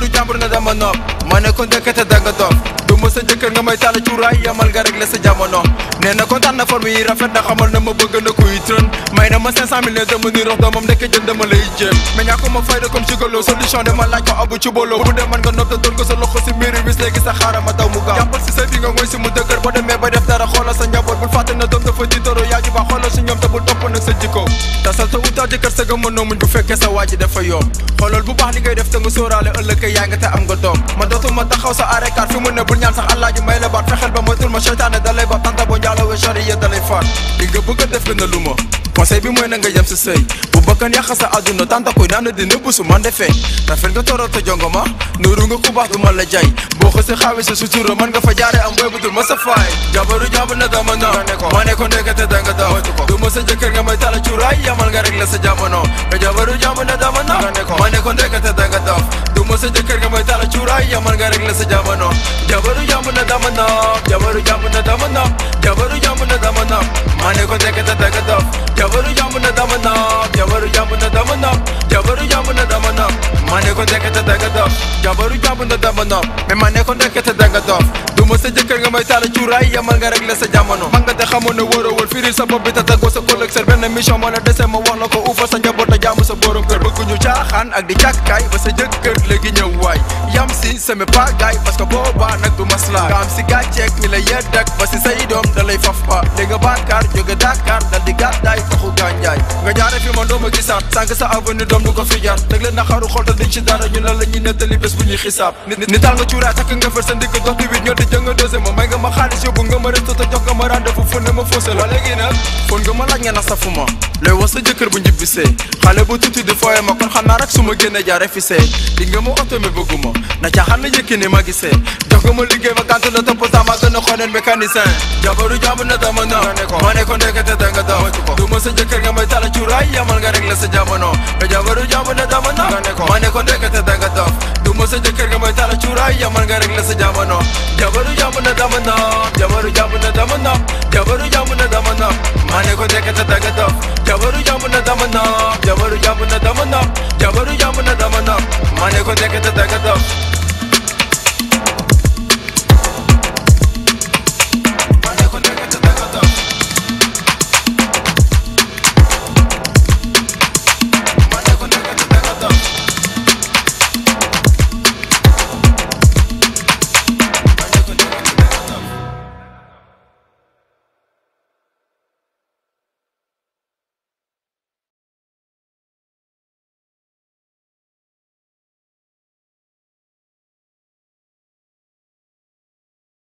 jabaru jàmbur nga dama nopp ma ne ko ndekete danga dof du ma jëkkër nga may tàll cuuraay yamal nga réglé sa jamono nee na kontaan na forme yi rafet na xamal na ma bëgg na tërën na ma 500000 ne dama ni rox doomam nekk jën dama lay jéem mais ñàkku ma fayda comme sigalo solution dama laaj ko abu ci bolo bu nga nopp te doon ko sa loxo miiri wis léegi sa ma daw mu gaaw jàppal si sa bi nga mu dëgër ba demee ba def dara xoolal bul fàtte doom dafa jiitaro yaa ji ba xoolal si bul topp nag sa jikko tasal sa utaw jëkkër sa ga mënoo bu fekkee sa waa ji dafa bu baax li charia dalay faat li nga bëgg a def gën a lu ma conseil bi mooy na nga yem sa sëy bu bakkan yàq sa àdduna tànta koy naan di nëbb su man defee rafet nga toral te jongoma nooru nga ku baax du ma la jaay boo xësee xaawi sa sutura man nga fa jaare am booy bu dul ma sa faay jabaru jàmb na dama na ma ne ko ndekete da nga daw du ma sa jëkkër nga may tala cuuraay yamal nga rek la sa jamono jabaru jàmb na dama na ma ne ko ndekete sa e e jëkkër nga mooy taala cuuraay yaa mën nga régler sa jamono jabaru jàmb na dama nopp jabaru jàmb na dama nopp jabaru jàmb na dama nopp maa ne ko nekk te teg dof jabaru jàmb na dama nopp jabaru jàmb na dama nopp jabaru jàmb na dama nopp maa ne ko nekk te teg dof jabaru jàmb na dama nopp mais maa ne ko nekk te teg dof du ma sa jëkkër nga mooy taala cuuraay yaa mën nga régler sa jamono man nga te xamoon ne wóorowul firil sa bopp bi te tagoo sa collecteur benn mission moo la dese ma caaxaan ak di càkkaay ba sa jëkkër léegi ñëw waay yam si sama pagaay parce que boobaa nag du maslaa nga si gàcceeg ni la yedd ba si say doom da lay faf ba dégg baakaar jóge Dakar dal di gàddaay taxu gànjaay nga jaare fi ma doo ma gisaat sànq sa avenue doom du ko fi jar dëgg la naxaru xolta di ci dara ñu la la ñuy bés bu ñuy xisaab ni taal nga cuuraay takk nga fër sa ndigg dox di wit ñoo di jënga dose ma may nga ma xaalis yóbbu nga fon ne ma foose la léegi nag fon nga na safuma looy wax sa jëkkër bu njibbisee xale bu tuuti fooye ma kon xanaa rek su ma génne jaare fisee di nga oto mi bëgguma na caaxaan na yëkki ni ma liggéey ma gàntu na tam pourtant maa gën a jabaru jàmb na dama na ma ne ko ndekete da nga daw du ma sa jëkkër nga may tala cuuraay yamal nga rek la sa jamono jabaru jàmb na dama na ma ne ko ndekete da nga daw du ma sa jëkkër curay yaman nga rek la sa jamono jabaru jàmm na dama nopp jabaru jàmm na dama nopp jabaru jàmm na dama nopp maa ne ko dekk te danga dof jabaru jàmm na dama nopp jabaru jàmm na dama na dama ko te danga dof